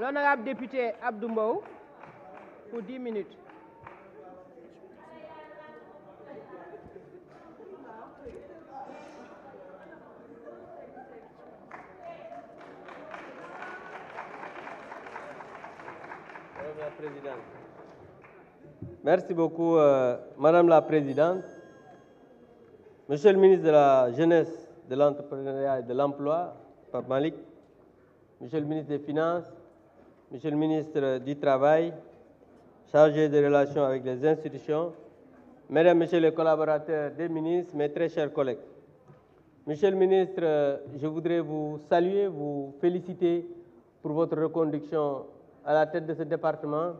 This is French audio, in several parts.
L'honorable député Abdoumou pour 10 minutes. Merci beaucoup, euh, Madame la Présidente. Monsieur le ministre de la Jeunesse, de l'Entrepreneuriat et de l'Emploi, Pape Malik. Monsieur le ministre des Finances, Monsieur le ministre du Travail, chargé des relations avec les institutions, Mesdames, Messieurs les collaborateurs des ministres, mes très chers collègues. Monsieur le ministre, je voudrais vous saluer, vous féliciter pour votre reconduction à la tête de ce département.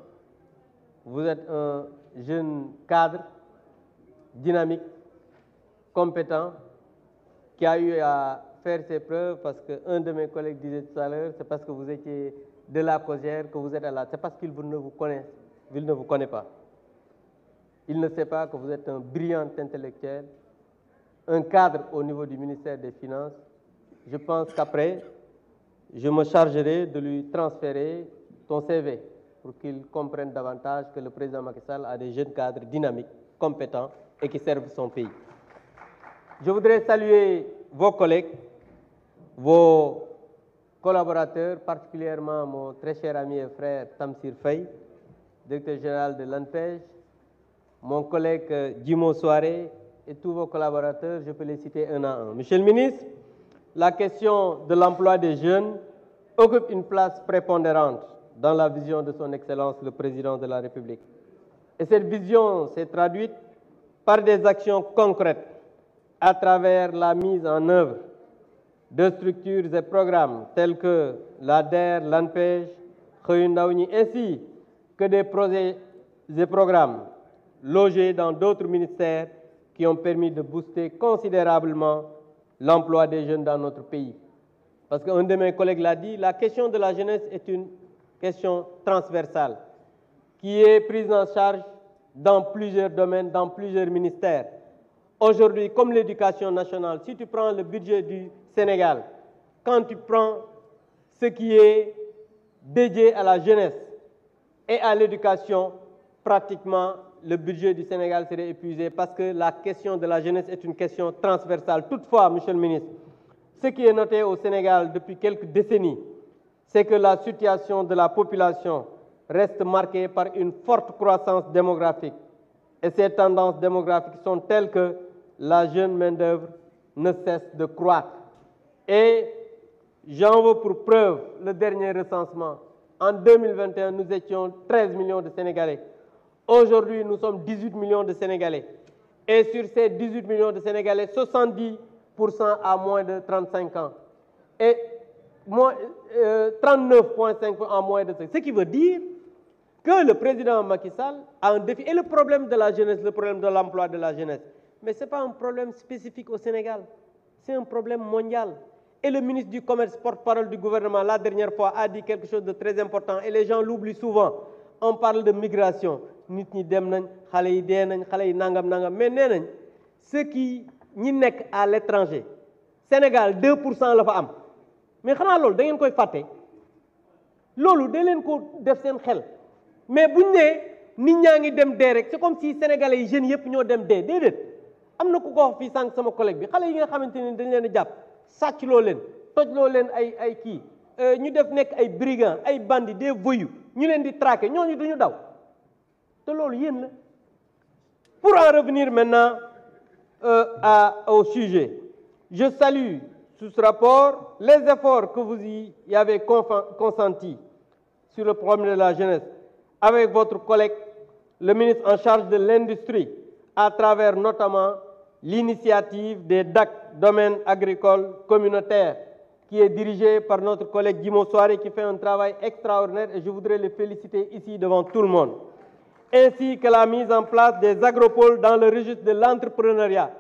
Vous êtes un jeune cadre dynamique, compétent, qui a eu à faire ses preuves parce qu'un de mes collègues disait tout à l'heure, c'est parce que vous étiez de la causière que vous êtes à C'est parce qu'il ne vous connaît, il ne vous connaît pas. Il ne sait pas que vous êtes un brillant intellectuel, un cadre au niveau du ministère des Finances. Je pense qu'après, je me chargerai de lui transférer ton CV pour qu'il comprenne davantage que le président Macky Sall a des jeunes cadres dynamiques, compétents et qui servent son pays. Je voudrais saluer vos collègues, vos collaborateurs, particulièrement mon très cher ami et frère Tamsir Fay, directeur général de l'ANPEJ, mon collègue euh, Jimo Soare et tous vos collaborateurs, je peux les citer un à un. Monsieur le ministre, la question de l'emploi des jeunes occupe une place prépondérante dans la vision de son Excellence le Président de la République. Et cette vision s'est traduite par des actions concrètes à travers la mise en œuvre de structures et programmes tels que l'ADER, l'ANPEJ, ainsi que des projets et programmes logés dans d'autres ministères qui ont permis de booster considérablement l'emploi des jeunes dans notre pays. Parce qu'un de mes collègues l'a dit, la question de la jeunesse est une question transversale qui est prise en charge dans plusieurs domaines, dans plusieurs ministères. Aujourd'hui, comme l'éducation nationale, si tu prends le budget du Sénégal, quand tu prends ce qui est dédié à la jeunesse et à l'éducation, pratiquement le budget du Sénégal serait épuisé parce que la question de la jeunesse est une question transversale. Toutefois, Monsieur le ministre, ce qui est noté au Sénégal depuis quelques décennies, c'est que la situation de la population reste marquée par une forte croissance démographique. Et ces tendances démographiques sont telles que la jeune main-d'œuvre ne cesse de croître. Et j'en veux pour preuve le dernier recensement. En 2021, nous étions 13 millions de Sénégalais. Aujourd'hui, nous sommes 18 millions de Sénégalais. Et sur ces 18 millions de Sénégalais, 70% à moins de 35 ans. Et 39,5 en euh, moins de 35 Ce qui veut dire que le président Macky Sall a un défi. Et le problème de la jeunesse, le problème de l'emploi de la jeunesse. Mais ce n'est pas un problème spécifique au Sénégal, c'est un problème mondial. Et le ministre du Commerce, porte-parole du gouvernement, la dernière fois, a dit quelque chose de très important et les gens l'oublient souvent. On parle de migration. nous ñi dem nañ mais ceux qui sont à l'étranger Sénégal 2 la fa mais vous savez da ngeen koy de loolu da leen ko def sen xel mais buñ né nit ñaa dem dé c'est comme si sénégalais yi jeunes yépp ñoo dem dé am na ku ko wax fii sànq sama collègue bi xalé yi nga xamanteni dañ leen a jàpp sàcc loo leen toj lo leen ay ay euh ñu def nek ay brigands ay bandits des voyous ñu leen di ñoo ñu duñu daw te loolu yeen la pour en revenir maintenant euh, à au sujet je salue sous ce rapport les efforts que vous y avez consentis sur le problème de la jeunesse avec votre collègue le ministre en charge de l'industrie à travers notamment l'initiative des DAC, Domaine Agricole Communautaire qui est dirigée par notre collègue Guimond Soiré qui fait un travail extraordinaire et je voudrais le féliciter ici devant tout le monde. Ainsi que la mise en place des agropoles dans le registre de l'entrepreneuriat.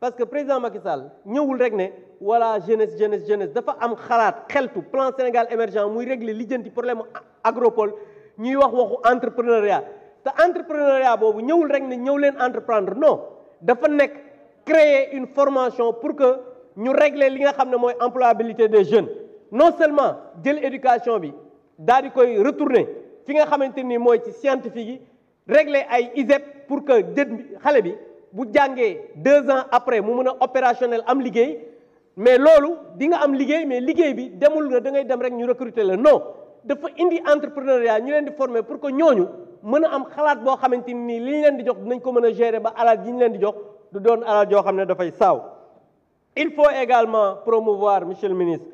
Parce que président Macky Sall, nous régler, voilà jeunesse, jeunesse, jeunesse, dafa am xalaat xeltu plan Sénégal émergent muy régler les problème agropole Nous wax waxu entrepreneuriat te entrepreneuriat boobu nous rek ne ñëw leen entreprendre non dafa créer une formation pour que ñu régler li nga xam ne employabilité des jeunes non seulement de éducation bi daal di retourner fi nga xamante ni mooy ci scientifique régler ay ISEP pour que jën bi xale bi bu deux ans après mu mën opérationnel am mais loolu di nga am liggéey mais liggéey bi demul nga da ngay dem rek ñu recruter la non dafa indi entrepreneuriat ñu leen di former pour que ñooñu mën am xalaat bo xamante ni li ñu leen di jox dinañ ko mën gérer ba alal yi ñu leen di jox il faut également promouvoir monsieur le ministre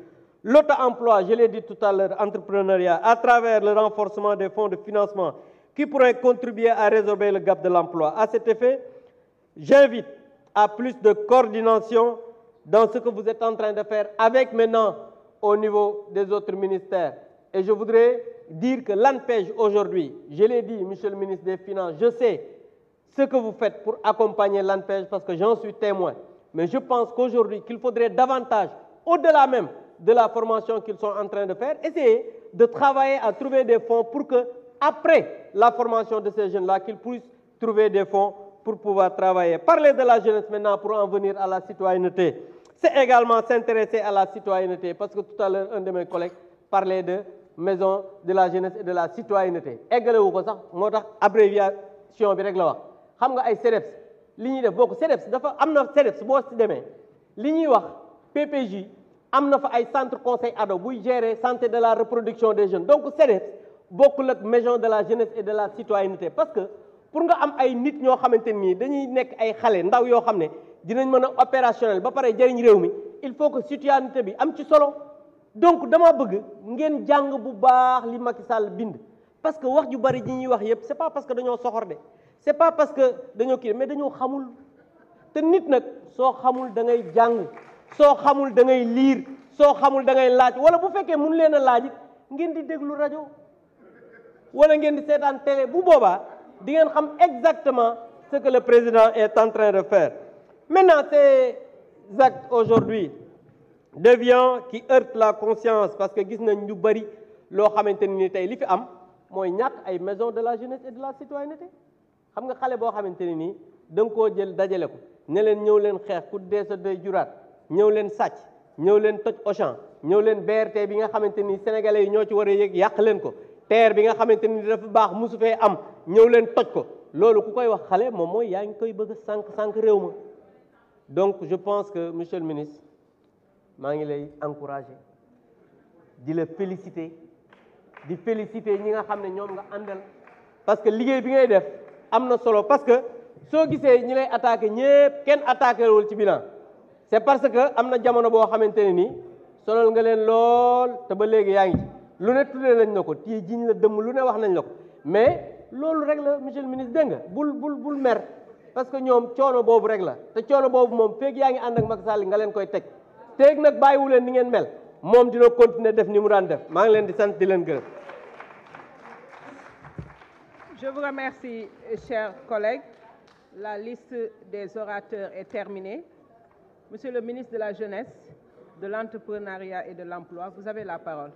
l'auto-emploi je l'ai dit tout à l'heure entrepreneuriat à travers le renforcement des fonds de financement qui pourraient contribuer à résorber le gap de l'emploi à cet effet j'invite à plus de coordination dans ce que vous êtes en train de faire avec maintenant au niveau des autres ministères et je voudrais dire que l'ANPEJ aujourd'hui je l'ai dit monsieur le ministre des finances je sais ce que vous faites pour accompagner l'ANPEJ parce que j'en suis témoin. Mais je pense qu'aujourd'hui, qu'il faudrait davantage, au-delà même de la formation qu'ils sont en train de faire, essayer de travailler à trouver des fonds pour que, après la formation de ces jeunes-là, qu'ils puissent trouver des fonds pour pouvoir travailler. Parler de la jeunesse maintenant pour en venir à la citoyenneté. C'est également s'intéresser à la citoyenneté, parce que tout à l'heure, un de mes collègues parlait de maison de la jeunesse et de la citoyenneté. Égalez-vous ça, abréviation, xam nga ay CDEPS li ñuy def boo ko dafa am na CDEPS boo si demee li ñuy wax PPJ am na fa ay centre conseil ado buy gérer santé de la reproduction des jeunes donc CDEPS bokkul ak maison de la jeunesse et de la citoyenneté parce que pour nga am ay nit ñoo xamante nii dañuy nekk ay xale ndaw yoo xam ne dinañ mën a opérationnel ba pare jëriñ réew mi il faut que citoyenneté bi am ci solo donc dama bëgg ngeen jàng bu baax li Macky Sall bind parce que wax ju bari ji ñuy wax yépp c'est pas parce que dañoo soxor de n'est pas parce que sommes mais dañu xamul nit xamul da ngay xamul da ngay lire, xamul da ngay wala bu di déglu wala di télé bu exactement ce que le président est en train de faire maintenant ces actes aujourd'hui devions qui heurte la conscience parce que gis nañ bari qui maison de la jeunesse et de la citoyenneté xam nga xale boo xamante ni nii da koo jël dajale ko ne leen ñëw leen xeex ku dee sa doy juraat ñëw leen sàcc ñëw leen toj Auchan ñëw leen BRT bi nga xamante ni sénégalais yi ñoo ci war a yëg yàq leen ko terre bi nga xamante ni dafa baax musu fee am ñëw leen toj ko loolu ku koy wax xale moom mooy yaa ngi koy bëgg sànq sànq réew ma donc je pense que monsieur le ministre maa ngi lay encourager di la féliciter di féliciter ñi nga xam ne ñoom nga àndal parce que liggéey bi ngay def am na solo parce que soo gisee ñi lay attaqué ñëpp kenn attaqué wul ci bilan c'est parce que am na jamono boo xamante ne nii sonal nga leen lool te ba léegi yaa ngi ci lu ne tuddee nañ la ko tii jiñ la dëmm lu ne wax nañ la ko mais loolu rek la monsieur le ministre dégg bul bul bul mer parce que ñoom coono boobu rek la te coono boobu moom feeg yaa ngi ànd ak Macky Sall nga leen koy teg teg nag bàyyiwu leen ni ngeen mel moom dina continuer def ni mu daan def maa ngi leen di sant di leen gërëm. Je vous remercie, chers collègues. La liste des orateurs est terminée. Monsieur le ministre de la Jeunesse, de l'Entrepreneuriat et de l'Emploi, vous avez la parole.